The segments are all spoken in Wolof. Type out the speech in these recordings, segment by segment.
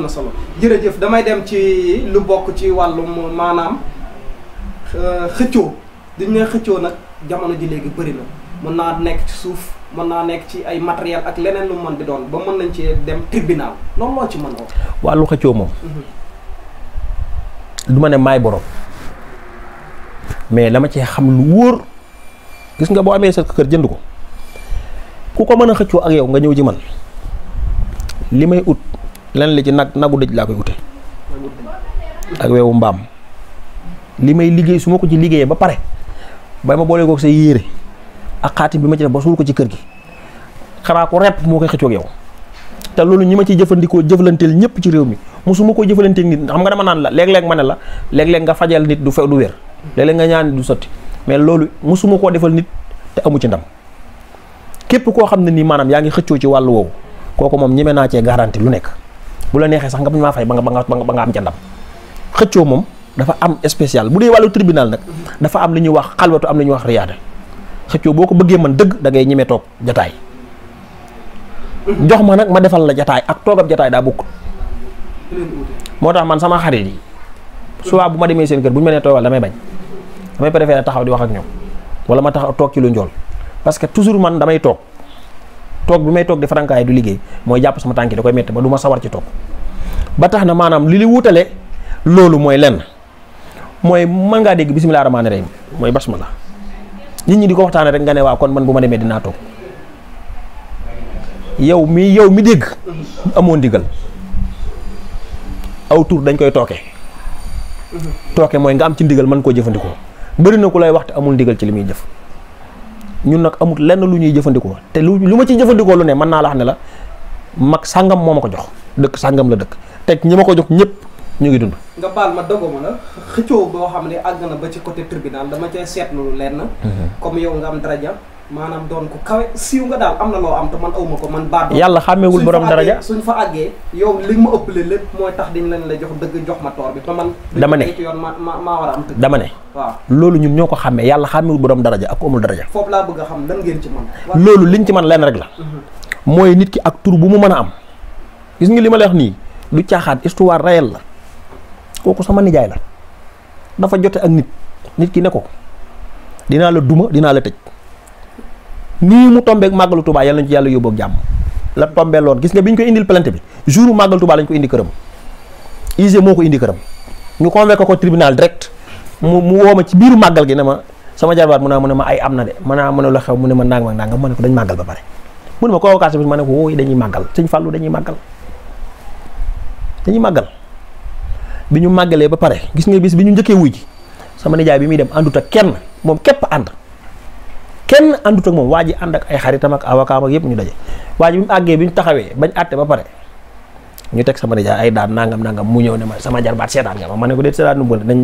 am na solo jërëjëf damay dem ci lu bokk ci wàllum maanaam euh, xëccoo dañu ne xëccoo nag jamono ji léegi bëri na mën naa nekk ci suuf mën naa nekk ci ay matériel ak leneen lu mën di doon ba mën nañ ci dem tribunal loolu loo ci man wax wàllu xëccoo moom mhm. du ma ne maay borom mais dama cee xam lu wóor gis nga boo amee sa kër jënd ko ku ko mën a xëccoo ak yow nga ñëw ji man li may ut lenn li nag nagu dëj laa koy wute ak weewu mbaam li may liggéey su ma ko ci liggéeyee ba pare bay ma boolee kook sa yére ak bi ma ci ko ci kër gi xanaa ko rep moo koy xëccoog yow te loolu ñi ma ciy jëfandikoo jëflanteel ñëpp ci réew mi mosuma ko jëfalanteel nit xam nga dama naan la léeg ma ne la léeg-léeg fajal nit du fe du wér léeg-léeg nga ñaan nit du sotti mais loolu mosuma koo defal nit te amu ci ndam képp koo xam ne nii maanaam yaa ngi xëccoo ci wàll woowu kooku moom ñeme naa cee garanti lu nekk bu la neexee sax nga bañ maa fay ba nga ba nga ba nga am ca ndam xëccoo moom dafa am spécial bu dee wàllu tribunal nag dafa am lu ñuy wax xalwatu am lu ñuy wax riyaada xëccoo boo ko bëggee man dëgg dangay ngay ñemee toog jataay jox ma nag ma defal la jataay ak toogab jataay daa bokkut moo tax man sama xarit yi soit bu ma demee seen kër bu ñu ma nee toogal damay bañ damay préféré taxaw di wax ak ñoom wala ma taxaw toog ci lu njool parce que toujours man damay toog toog bi may toog di farankaay du liggéey mooy jàpp sama tànki da koy métti ba du ma sawar ci toog ba tax na maanaam li li wutale loolu mooy lenn mooy mën ngaa dégg bisimilah rahmaani rahim mooy basmala nit ñi di ko waxtaane rek nga ne waaw kon man bu ma demee dinaa toog yow mi yow mi dégg amoo ndigal aw tur dañ koy tooge tooke mooy nga am ci ndigal man koo jëfandikoo bëri na ku lay wax amul ndigal ci li muy jëf ñun nag amul lenn lu ñuy jëfandikoo te lu lu ma ciy jëfandikoo lu ne mën naa la xam ne la mag sàngam moo ma ko jox dëkk sàngam la dëkk teg ñi ma ko jox ñëpp ñu ngi dund. nga baal ma doguma la xëccoo boo xam ne àgg na ba ci côté tribunal dama cay seetlu lenn. Mhm. comme yow nga am daraja maanaam doon ko kawe siiw nga am na loo am te man awma ko man baat yàlla xàmmewul borom daraja suñ fa àggee yow li ma ëppale lépp mooy tax dañ leen la jox dëgg jox ma toor bi man dama ne yoon ma maa war a waaw loolu ñun ñoo ko xàmmee yàlla xàmmewul borom daraja ak ko amul daraja foofu laa bëgg a xam lan ngeen ci man loolu liñ ci man leen rek la mhm. mooy nit ki ak tur bu mu mën a am gis nga li ma lay wax nii du caaxaan histoire réelle la kooku sama nijaay la dafa jote ak nit nit ki ne ko dinaa la duma dinaa la tëj nii mu tombeek màggalu Touba yàlla nañu ci yàlla yóbboog jàmm la tombee loon gis nga bi ñu ko indil plainte bi jour màggalu Touba lañ ko indi këram IGE moo ko indi këram ñu convoqué ko tribunal direct mu mu woo ma ci biiru màggal gi ne ma sama jarbaat mu ne ma ne ma ay am na de ma ne ma xew mu ne ma nang ma nang ma ne ko dañ màggal ba pare mu ne ma convocation bi ma ko wooy dañuy màggal sëñ Fallou dañuy màggal dañuy màggal bi ñu màggalee ba pare gis nga bis bi ñu njëkkee wuy ji sama nijaay bi muy dem àndut kenn moom képp ànd kenn àndut ak moom waa ji ànd ak ay xaritam ak avocat ak yëpp ñu daje waaj ji bi mu àggee bi ñu taxawee bañ àtte ba pare ñu teg sama nijaay ay daan nangam nangam mu ñëw ne ma sama jarbaat seetaan nga ma ma ne ko déet seetaan nu mu bëri nañ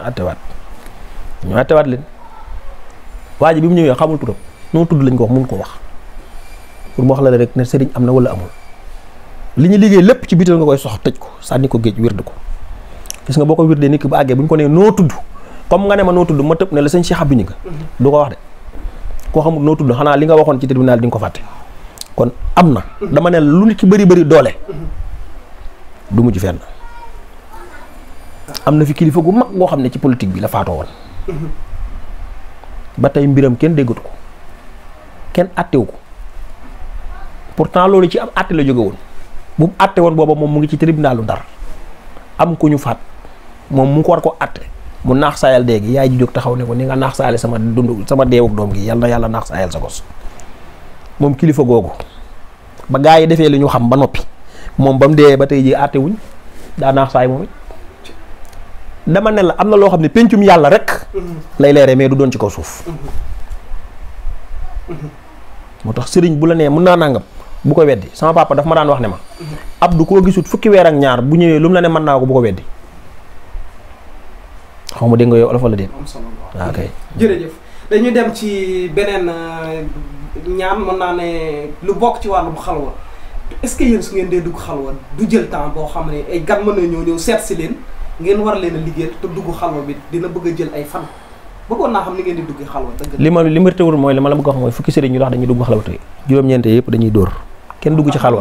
euh, àttewaat leen waa bi mu ñëwee xamul turam tudd lañ ko wax mun koo wax pour wax la rek ne sëriñ am na wala amul li ñu liggéey lépp ci biital nga sox tëj ko sànni ko géej wird ko gis nga boo ko wirdee nit ki bu àggee ko nee noo tudd comme nga ne ma noo tudd ma tëb ne la sëñ Cheikh Abdou Gningue du ko wax de koo xamul noo tudd xanaa li nga waxoon ci tribunal di nga ko fàtte kon am na dama ne lu nit ki bëri bëri doole du mujj fenn am na fi kilifa gu mag goo xam ne ci politique bi la faatoo woon ba tey mbiram kenn déggatu ko kenn àttewu ko pourtant loolu ci am àtte la jóge woon bu àtte woon booba moom mu ngi ci tribunalu Ndar am ku ñu faat moom mu ko war ko àtte mu naax saayal dee gi yaay ji jóg taxaw ne ko ni nga naax saayale sama dund sama deewuk doom gi yal na yàlla naax saayal sa gos moom kilifa googu ba gaa yi defee li ñu xam ba noppi moom ba mu dee ba tey ji àtte wuñ daa naax saay moom it dama ne la am na loo xam ne pencum yàlla rek lay leeree mais du doon ci ko suuf moo tax sëriñ bu la nee mun naa nangam bu ko weddi sama papa daf ma daan wax ne ma Abdou koo gisut fukki weer ak ñaar bu ñëwee lu mu la ne mën naa ko bu ko weddi xaw ma dégg nga yow olof wala déet. waaw ah, kay. jërëjëf dañu dem ci beneen euh, ñaan mën naa ne lu bokk ci wàllum xalwa est-ce que yéen su ngeen dee dugg xalwa du jël temps boo xam ne ay gan mën na si leen ngeen war leen a liggéey te dugg xalwa bi dina a jël ay fan. bëggoon naa xam ni ngeen di dugg xalwa dëgg li ma li a wax mooy fukki sëriñ ñu wax dañuy dugg xalwa tey juróom-ñeent yëpp dañuy dóor kenn dugg ci xalwa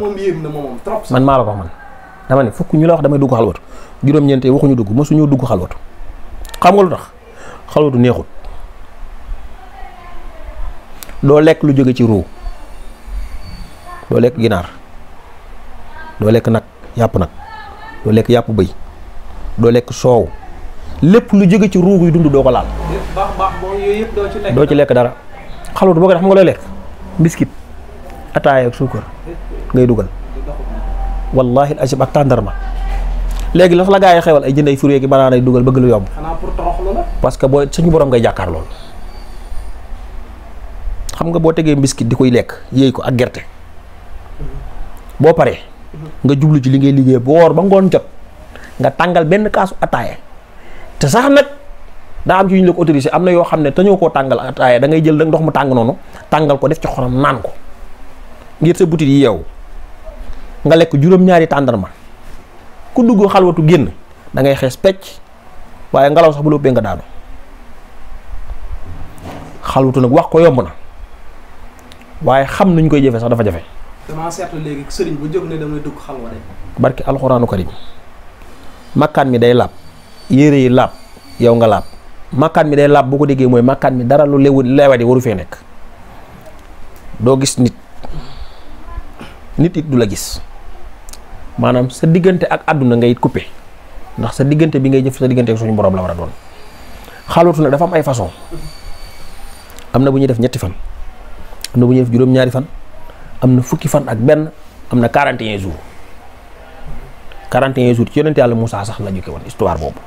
man maa la ko wax ne fukk ñu la wax damay dugg xalwatu juróom-ñeent waxuñu dugg mosuñu dugg xalwatu xam nga lu tax xalwatu neexut doo lekk lu jóge ci ruu doo lekk ginaar doo lekk nag yàpp nag doo lekk yàpp bëy doo lekk soow lépp lu jóge ci ruug yi dund doo ko laal. doo ci lekk doo ci lekk dara xalwatu boo ko def xam nga looy lekk biskit ataaya ak suukar ngay dugal wallaahi al ajib ak tàndarma léegi la la gaa yi xewal ay jënd ay fruits yi banaana ay dugal bëgg lu yomb. xanaa parce que booy suñu borom ngay jàkkaar lool xam nga boo tegee mbiskit di koy lekk yéey ko ak gerte boo paree nga jublu ci li ngay liggéey bu woor ba ngoon jot nga tàngal benn kaasu ataaya te sax nag daa am ci ñu la ko autorisé am na yoo xam ne te ñoo koo tàngal ataaya da ngay jël nag ndox mu tàng noonu tàngal ko def ci xorom naan ko ngir sa butit yi yow nga lekk juróom-ñaari tàndarma. ku dugg xalwatu génn dangay ngay xees pecc waaye ngelaw sax bu la ëppee nga daanu xalwatu nag wax ko yomb na waaye xam nuñ koy jëfe sax dafa jafe. damaa seetlu léegi sëriñ bu jóg ne damay dugg xalwa rek. barki alxuraanu karim makkaan mi day laab yére yi laab yow nga laab makkaan mi day laab boo ko déggee mooy makkaan mi dara lu lewu lewet yi waru fee nekk doo gis nit nit it du la gis. maanaam sa diggante ak àdduna ngay coupé ndax sa diggante bi ngay jëf sa diggante ak suñu borom la war a doon xalootu nag dafa am ay façon am na bu ñuy def ñetti fan am na bu ñuy def juróom-ñaari fan am na fukki fan ak benn am na 41 jours 41 jours ci yonent yàlla Moussa sax la jóge woon histoire boobu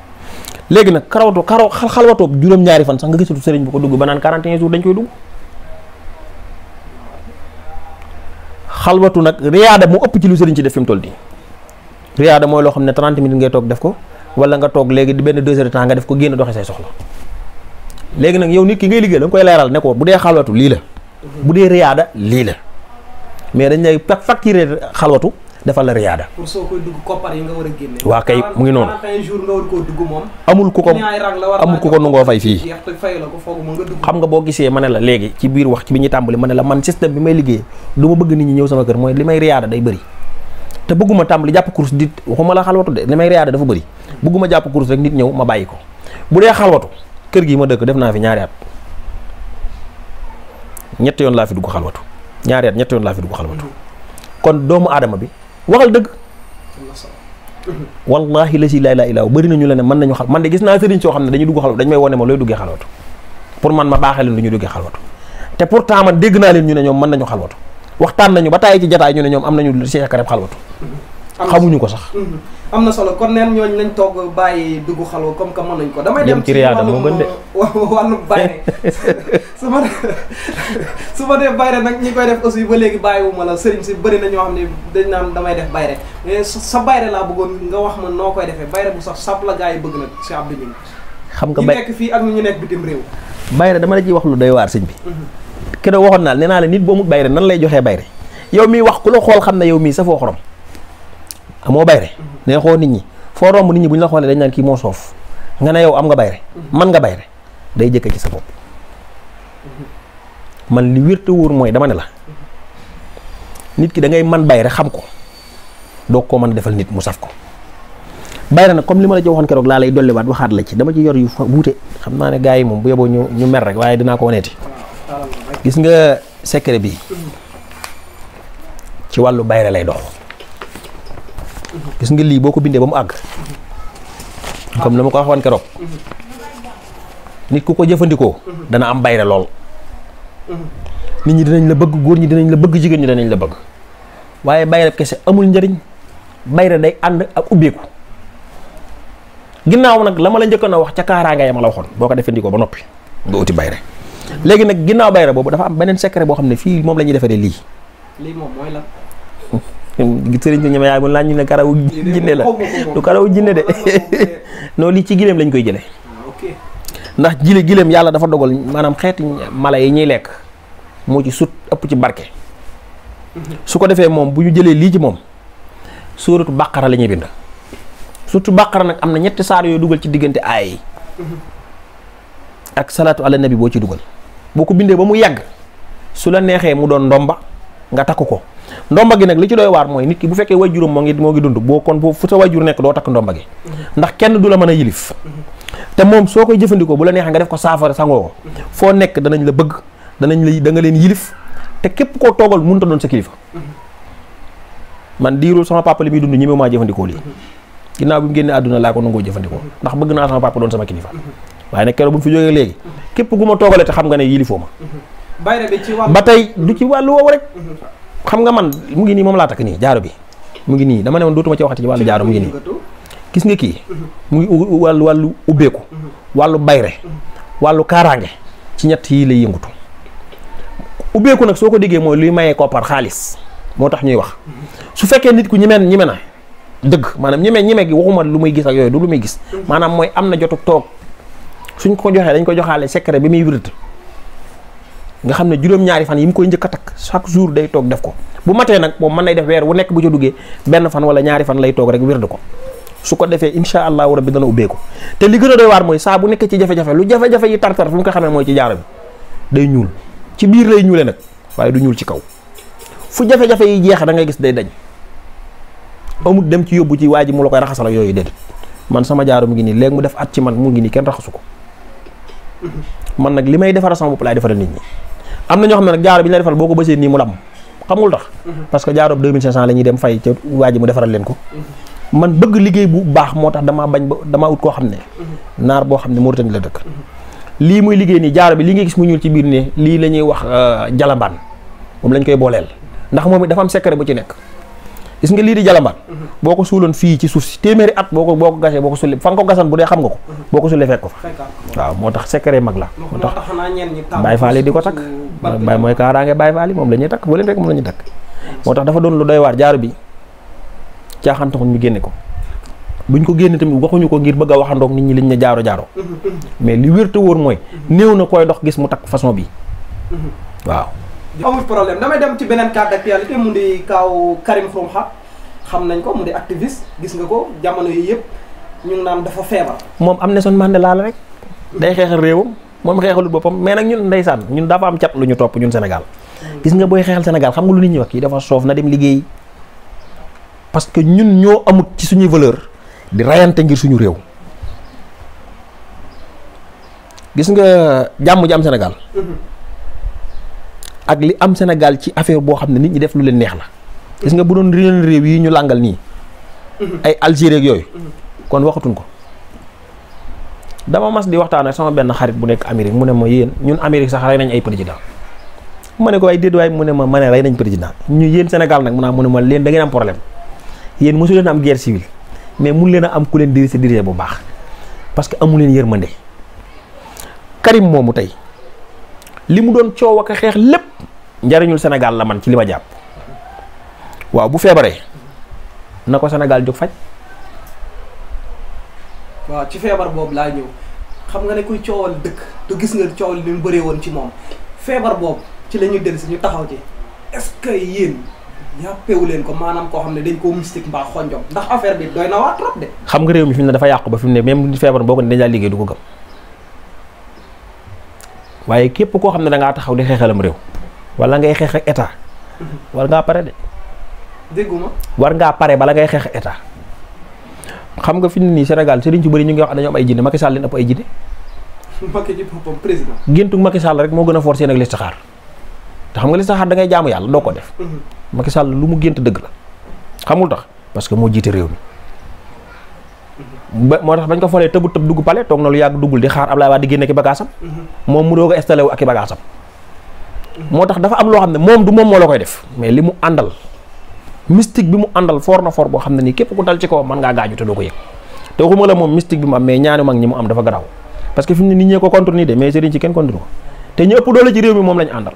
léegi nag karawatoo karaw xalwatoo juróom-ñaari fan sax nga gisatu sëriñ bu ko dugg ba naan 41 jours dañ koy dugg xalwatu nag riyaada mu ëpp ci lu sëriñ ci def fi mu toll nii riyaada mooy loo xam ne 30 minutes ngay toog def ko wala nga toog léegi di benn 2 heures de temps nga def ko génn doxe say soxla léegi nag yow nit ki ngay liggéey la nga koy leeral ne ko bu dee xalwatu lii la bu dee riyaada lii la mais dañ lay facturé xalwatu defal la riyaada. soo koy dugg yi nga war a génne. waa kay mu ngi noonu amul ku ko amul ku ko nungoo fay fii. xam nga boo gisee ma ne la léegi ci biir wax ci bi ñu tàmbali ma ne la man système bi may liggéey du ma bëgg nit ñi ñëw sama kër mooy li may riyaada day bëri te bëgguma tàmbali jàpp course dit waxuma la xalwatu de li may reyaade dafa bëri bëgguma jàpp course rek nit ñëw ma bàyyi ko bu dee xalwatu kër gi ma dëkk def naa fi ñaari at ñetti yoon laa fi dugg xalwatu ñaari at ñetti yoon laa fi dugg xalwatu kon doomu aadama bi waxal dëgg wallahi la si laa ilaa ilaa bëri nañu la ne mën nañu xal man de gis naa sëriñ soo xam ne dañu dugg xalwatu dañu may wone ma looy duggee xalwatu pour man ma baaxee leen lu ñu duggee xalwatu te pourtant man dégg naa leen ñu ne ñoom mën nañu xalwatu waxtaan nañu ba tàyyi ci jataay ñu ne ñoom am nañu lu Cheikh Karim xalwatu xamuñu ko sax mm-hmm. am na solo kon neen ñooñu lañ toog bàyyi dugg xalwa comme que mën nañ ko damay dem ci riyaada moo gën de wàllum bayre su ma su ma def bayre nag ñi koy aussi ba léegi bàyyiwuma la sëriñ si na ñoo xam ne dañ naan damay def bayre mais eh, sa bayre laa bëggoon nga wax ma noo koy defee bayre bu sax sab yi bëgg nag si Abdou Gningue xam nga bay ñu nekk fii ak ñu nekk bitim réew bayre dama la ciy wax lu doy waar sëñ bi mm-hmm. keroog waxoon naa nee naa la nit boo mu bayre nan lay joxee bayre yow mii wax ku la xool xam na yow mii safoo xorom amoo bayre nee nit ñi foo romb nit ñi bu ñu la xoolee dañ naan moo soof nga yow am nga bayre man nga bayre day jëkk ci sa bopp man li wér te mooy dama ne la nit ki da ngay man bayre xam ko doo koo mën a defal nit mu saf ko bayre nag comme li ma la ci keroog laa lay dolliwaat waxaat la ci dama ci yor yu fa wuute xam naa ne gars yi moom bu yeboo ñu ñu mer rek waaye dinaa ko waneeti gis nga secret bi ci wàllu bayre lay dox gis nga lii boo ko bindee ba mu àgg comme na ma ko waxoon keroog nit ku ko jëfandikoo dana am bayre lool nit ñi dinañ la bëgg góor ñi dinañ la bëgg jigéen ñi dinañ la bëgg waaye bayre kese amul njëriñ bayre day ànd ak ubbeeku ginnaaw nag la ma la njëkkoon a wax ca kaaraange ya ma la waxoon boo ko defandikoo ba noppi nga uti bayre léegi nag ginnaaw bayra boobu dafa am beneen secret boo xam ne fii moom la ñuy defaree lii. moom mooy lan. sëriñ si ñeme yaay bu laaj ñu ne karawu jinne la lu karawu jinne de non lii ci gileem lañu koy jëlee. Ah, ndax jile gileem yàlla dafa dogal maanaam xeeti mala yi ñuy lekk moo ci sut ëpp ci barke. Mhm. su ko defee moom bu ñu jëlee lii ci moom suuratu bàqara lañuy bind. surtout bàqara nag am na ñetti saar yooyu dugal ci diggante aay yi. Mhm. ak salaatu ala nabi boo ci dugal. boo ko bindee ba mu yàgg su la neexee mu doon ndomba nga takk ko ndomba gi nag li ci doy waar mooy nit ki bu fekkee wajuram moo ngi moo ngi dund boo kon boo fu sa wajur nekk doo takk ndomba gi ndax kenn du la mën a yilif te moom soo koy jëfandikoo bu la neexee nga def ko saafara sangoo foo nekk danañ la bëgg danañ la da nga leen yilif te képp koo toogal mënut doon sa kilifa man diirul sama papa li muy dund ñemewu maa jëfandikoo lii ginnaaw bi mu génnee àdduna laa ko nangoo jëfandikoo ndax bëgg naa sama papa doon sama kilifa waaye nag keroog bu ñu fi jógee léegi képp ku ma toogalee te xam nga ne yilifoo ma ba tey du ci wàllu woowu rek xam nga man mu ngi nii moom laa takk nii jaaro bi mu ngi nii dama ne woon dootuma ci waxati ci wàllu jaaro mu ngi nii gis nga kii mhm. mu ngi wàllu wàllu ubbeeku mhm. wàllu bayre mhm. kaaraange ci ñett lay yëngutu ubbeeku nag soo ko déggee mooy luy mayee koppar xaalis moo tax ñuy wax su fekkee nit ku ñemeen ñeme na dëgg maanaam ñeme ñeme gi waxuma lu muy gis ak yooyu du lu muy gis maanaam mooy am na jotu toog suñ ko joxee dañ ko joxaale secret bi muy wird nga xam ne juróom-ñaari fan yi mu koy njëkk a takk chaque jour day toog def ko bu matee nag moom mën nay def weer bu nekk bu ca duggee benn fan wala ñaari fan lay toog rek wird ko su ko defee incha allahu rabbi dana ubbeeku te li gën a doy waar mooy saa bu nekkee ci jafe-jafe lu jafe-jafe yi tartar fu mu ko xamee mooy ci jaaro bi day ñuul ci biir lay ñuule nag waaye du ñuul ci kaw fu jafe-jafe yi jeex da gis day dañ amut dem ci yóbbu ci ji mu la koy raxasal yooyu déedéet man sama jaaro mu ngi nii léegi mu def at ci man mu ngi nii kenn raxasu ko man nag li may defaral sama bopp laay defaral nit ñi am na ñoo xam ne nag jaaro bi ñu la defal boo ko bësee nii mu lam xamul tax parce que jaaroob 2500 la ñuy dem fay ca waa ji mu defaral leen ko man bëgg liggéey bu baax moo tax damaa bañ ba damaa ut koo xam ne naar boo xam ne Mauritanie la dëkk lii muy liggéey nii jaaro bi lii nga gis mu ñuul ci biir ne lii la ñuy wax euh, jalambaan moom lañ koy booleel ndax moom it dafa am secret bu ci nekk gis nga lii di jalambaat boo ko suuloon fii ci suuf si téeméeri at boo ko boo ko gasee boo ko sulle fa nga ko gasan bu dee xam nga ko boo ko sulle fekk ko fa waaw moo tax secret mag la moo tax Baye Fall di ko takk Baye mooy kaaraange Baye Fall yi moom la takk boo leen takk moo tax dafa doon lu doy waar jaaru bi caaxaan taxul ñu génne ko buñ ko génne tamit waxuñu ko ngir bëgg a waxandoog nit ñi liñ ne jaaro jaaro mais li wér te wóor mooy néew na koy dox gis mu takk façon bi waaw amul problème damay dem ci beneen cas d'actualité mu di kaaw Karim Xrum Xax xam nañ ko mu di activiste gis nga ko jamono yi yëpp ñu ngi naan dafa feebar. moom am na son Mandela la rek. day xeexal réewam moom xeexalu boppam mais nag ñun ndeysaan ñun dafa am cat lu ñu topp ñun Sénégal. Hmm. gis nga booy xeexal Sénégal xam nga lu nit ñi wax kii dafa soof na dem liggéey parce que ñun ñoo amut ci suñuy valeur di rayante ngir suñu réew. gis nga jàmm ji am ak li am Sénégal ci affaire boo xam ne nit ñi def lu leen neex na gis nga bu doon réen réew yi ñu làngal nii ay Algérie yooyu kon waxatuñ ko dama mas di waxtaan ak sama benn xarit bu nekk Amérique mu ne ma yéen ñun Amérique sax rey nañ ay président ma ne ko waaye déedéet waaye mu ne ma ma ne rey nañ président ñu yéen Sénégal nag mu naa mu ne ma leen da ngeen am problème yéen mosu leen am guerre civile mais mun leen a am ku leen dirige dirige bu baax parce que amu leen yërmande Karim moomu tey li doon coow ak xeex lépp njariñul Sénégal la man ci li ma jàpp waaw bu feebaree na ko senegal jóg faj. waaw ci feebar boobu laa ñëw xam nga ne kuy coowal dëkk du gis nga coow li mu bëree woon ci moom feebar boobu ci la ñuy dellu si ñu taxaw ci est-ce que yéen leen ko maanaam koo xam ne dañ koo mystique mbaa xonjom ndax affaire bi doy na waa trop de. xam nga réew mi fi ne dafa yàqu ba fi mu ne même feebar boo ko ne dañ laa liggéey du ko gëm waaye képp koo xam ne da taxaw di xeexalam réew. wala ngay xeex ak état mhm. war ngaa pare de. dégguma war ngaa pare bala ngay xeex état xam nga fi nii Sénégal sëriñ ci bëri ñu ngi wax dañoo am ay jinne Macky Sall leen ëpp ay jinne. géntu Macky Sall rek moo gën a forcé nag listixaar te xam nga listixaar da ngay jaamu yàlla doo ko def. Mhm. Macky Sall lu mu gént dëgg la xamul tax parce que moo jiite réew mi. Mhm. ba moo tax bañ ko folee tëbu tëb dugg pale toog na lu yàgg duggul di xaar Ablaye Wade di génne ki bagaasam. moom mu doog a ak i moo tax dafa am loo xam ne moom du moom moo la koy def mais li mu àndal mystique bi mu àndal foor na foor boo xam ne nii képp ku dal ci kaw mën ngaa gaaju te doo ko yëg te waxuma la moom mystique bi mu am mais ñaanu mag ñi mu am dafa garaaw parce que fi mu ne nit ñee ko contre nii de mais sëriñ ci kenn contre te ñu ëpp doole ci réew mi moom lañu àndal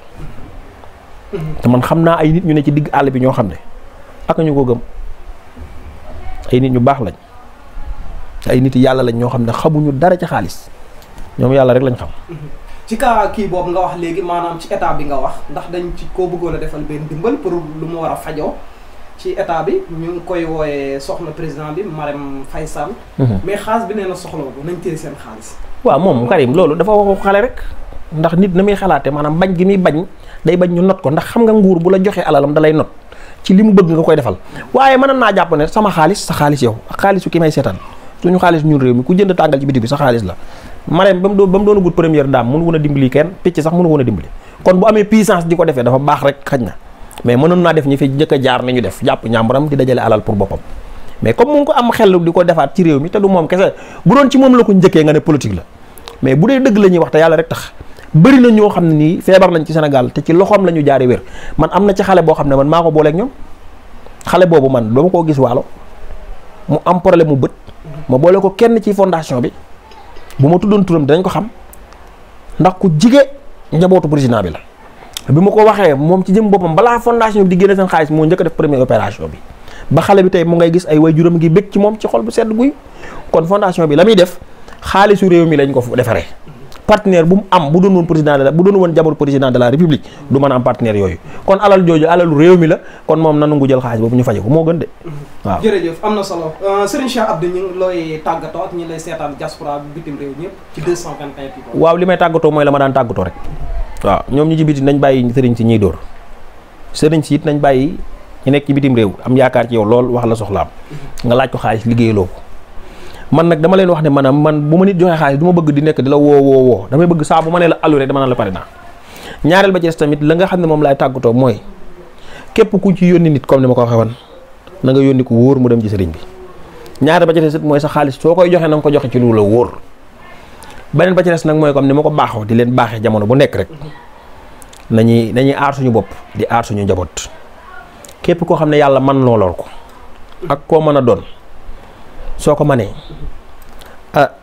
te man xam naa ay nit ñu ne ci digg àll bi ñoo xam ne ak ñu ko gëm ay nit ñu baax lañ ay nit yàlla lañ ñoo xam ne xamuñu dara ci xaalis ñoom yàlla rek lañ xam ci kaa kii boobu nga wax léegi maanaam ci état bi nga wax ndax dañ ci koo bëggoon a defal benn dimbal pour lu mu war a fajoo ci état bi ñu koy wooyee soxna président bi Marème Faye Sall mhm. mais xaalis bi nee na soxla ko nañ téye seen xaalis waaw moom Karim loolu dafa waxu xale rek ndax nit na muy xalaate maanaam bañ gi muy bañ day bañ ñu not ko ndax xam nga nguur bu la joxee alalam da lay not ci li mu bëgg nga koy defal waaye mën naa jàpp ne sama xaalis sa xaalis yow xaalisu ki may seetaan ñu xaalis ñun réew mi ku jënd tàngal ci bi sa la Marème ba mu doon ba mu doon gudd première dame mënu woon a dimbali kenn picc sax mënu woon a dimbali kon bu amee puissance di ko defee dafa baax rek xaj na mais mënoon naa def ñi fi njëkk a jaar ni ñu def jàpp ñàmbaram di dajale alal pour boppam mais comme mu ko am xel di ko defaat ci réew mi te du moom kese bu doon ci moom la ko njëkkee nga ne politique la mais bu dee dëgg la ñuy wax te yàlla rek tax bëri na ñoo xam ne nii feebar lañ ci Sénégal te ci loxoom la ñu jaare wér man am na ci xale boo xam ne man maa ko booleeg xale boobu man dama koo gis waalo mu am problème mu bët ma boole ko kenn ci fondation bi bu ma tuddoon turam dinañ ko xam ndax ku jige njabootu président bi la bi ma ko waxee moom ci jëm boppam balaa fondation bi di génne seen xaalis moo njëkk a def première opération bi ba xale bi tey mu ngay gis ay way juróom ngi bëgg ci moom ci xol bu sedd guy kon fondation bi la muy def xaalisu réew mi lañ ko defaree partenaire bu mu am bu doon woon président de bu doon woon jabaru président de la république du mën a am partenaire yooyu kon alal jooju alalu réew mi la kon moom na nangu jël xaalis boobu ñu faje ko moo gën de mhm. waaw jërëjëf am na solo euh, Serigne Cheikh looy tàggatoo ak ñi lay seetaan diaspora bi bitim réew ñëpp ci waaw li may tàggatoo mooy la ma daan tàggatoo rek waaw ñoom ñi ci biti nañ bàyyi sëriñ si ñiy dóor sëriñ si it nañ bàyyi ñu nekk ci bitim réew am yaakaar ci yow lool wax la soxlaam mhm. nga laaj ko xaalis liggéeyaloo ko man nag dama leen wax ne maanaam man bu ma nit joxee xaalis du ma bëgg di nekk di la woo woo woo damay bëgg saa bu ma nee la allu rek dama la pare naa ñaareel ba tamit la nga xam ne moom laay tàggatoo mooy képp ku ci yónni nit comme ni ma ko waxee woon na nga yónni ko wóor mu dem ci sëriñ bi ñaareel ba ci des mooy sa xaalis soo koy joxe na ko joxe ci lu la wóor beneen ba ci des nag mooy comme ni ma ko baaxoo di leen baaxee jamono bu nekk rek nañuy nañuy aar bopp di aar suñu njaboot képp koo xam ne yàlla man loolool ko ak koo mën a doon soo ko manee ah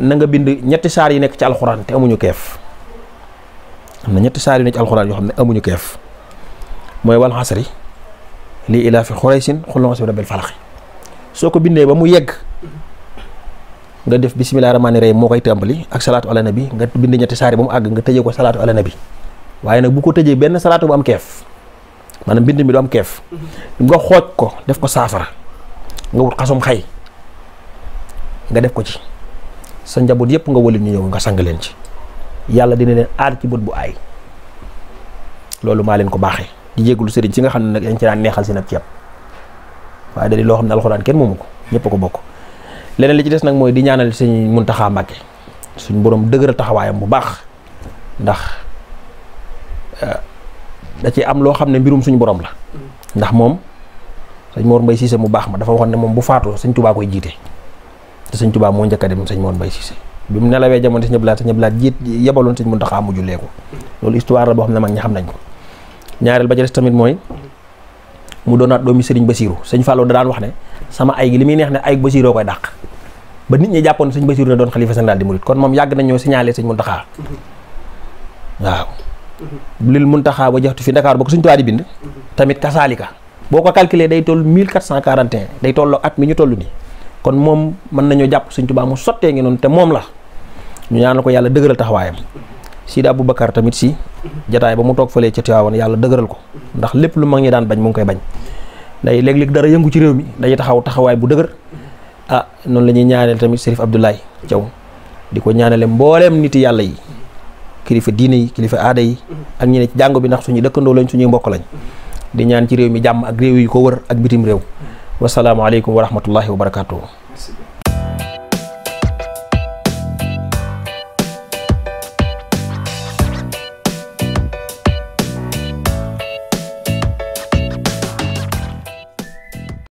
na bind ñetti saar yi nekk ci alxuraan te amuñu keef na ñetti saar yu yoo xam ne amuñu keef mooy wal xasri lii ilaa fi xuraysin xul xasri rabbil falaxi soo ko bindee ba mu yegg nga def bisimilah rahmaani rahim moo koy tàmbali ak salaatu na bi nga bind ñetti saar yi ba mu àgg nga tëjee ko salaatu ala nabi waaye nag bu ko tëjee benn salaatu bu am keef maanaam bind mi du am keef nga xooj ko def ko saafara nga wut xasum xay nga def ko ci sa njaboot yëpp nga walit ñu ñëw nga sang leen ci yàlla dina leen aar ci bët bu aay loolu maa leen ko baaxee di jégalu sëriñ si nga xam ne nag dañ ci daan neexal seen ab ceeb waaye da di loo xam ne alxuraan kenn moomu ko ñëpp ko bokk leneen li ci des nag mooy di ñaanal mun Muntaxa Mbàkke suñ borom dëgëral taxawaayam bu baax ndax eh, da ci am loo xam ne mbirum suñu borom la ndax moom sëñ Mor Mbay Siise mu baax ma dafa waxoon ne moom bu faatoo sëñ Tuubaa koy te sëñ Tuubaa moo njëkk a dem sëñ Moon Bay Cissé bi mu nelawee jamono sëñ Abdulaat sëñ Abdulaat jiit yebaloon sëñ Muntaxa mu jullee ko loolu histoire la boo xam ne mag ñi xam nañ ko ñaareel ba ca des tamit mooy mu doonaat doomi sëriñ Basiiru sëñ Fallou da daan wax ne sama ay gi li muy neex ne ay Basiiroo koy dàq ba nit ñi jàppoon sëñ Basiiru ne doon xalifa général di murit kon moom yàgg nañoo ñoo signalé sëñ Muntaxa waaw lil Muntaxa ba jaxtu fi Ndakaaru ba ko sëñ Tuubaa di bind tamit boo ko calculé day toll 1441 day toll at mi ñu toll nii kon moom mën nañoo jàpp Sëñ Tuubaa mu sottee ngi noonu te moom la ñu ñaanal ko yàlla dëgëral taxawaayam Sidi Aboubacar tamit si jataay ba mu toog fële ci Tiwaawan yàlla dëgëral ko ndax lépp lu mag ñi daan bañ mu ngi koy bañ day léeg dara yëngu ci réew mi dañuy taxaw taxawaay bu dëgër ah noonu la ñuy ñaaneel tamit Sërif Abdoulaye Thiaw di ko ñaanale mbooleem niti yàlla yi kilifa diine yi kilifa aada yi ak ñi ne ci jàngo bi ndax suñu dëkkandoo lañ suñuy mbokk lañ di ñaan ci réew mi jàmm ak réew yi ko ak bitim réew wasalaamualeykum wa rahmatullahi wa barakatuh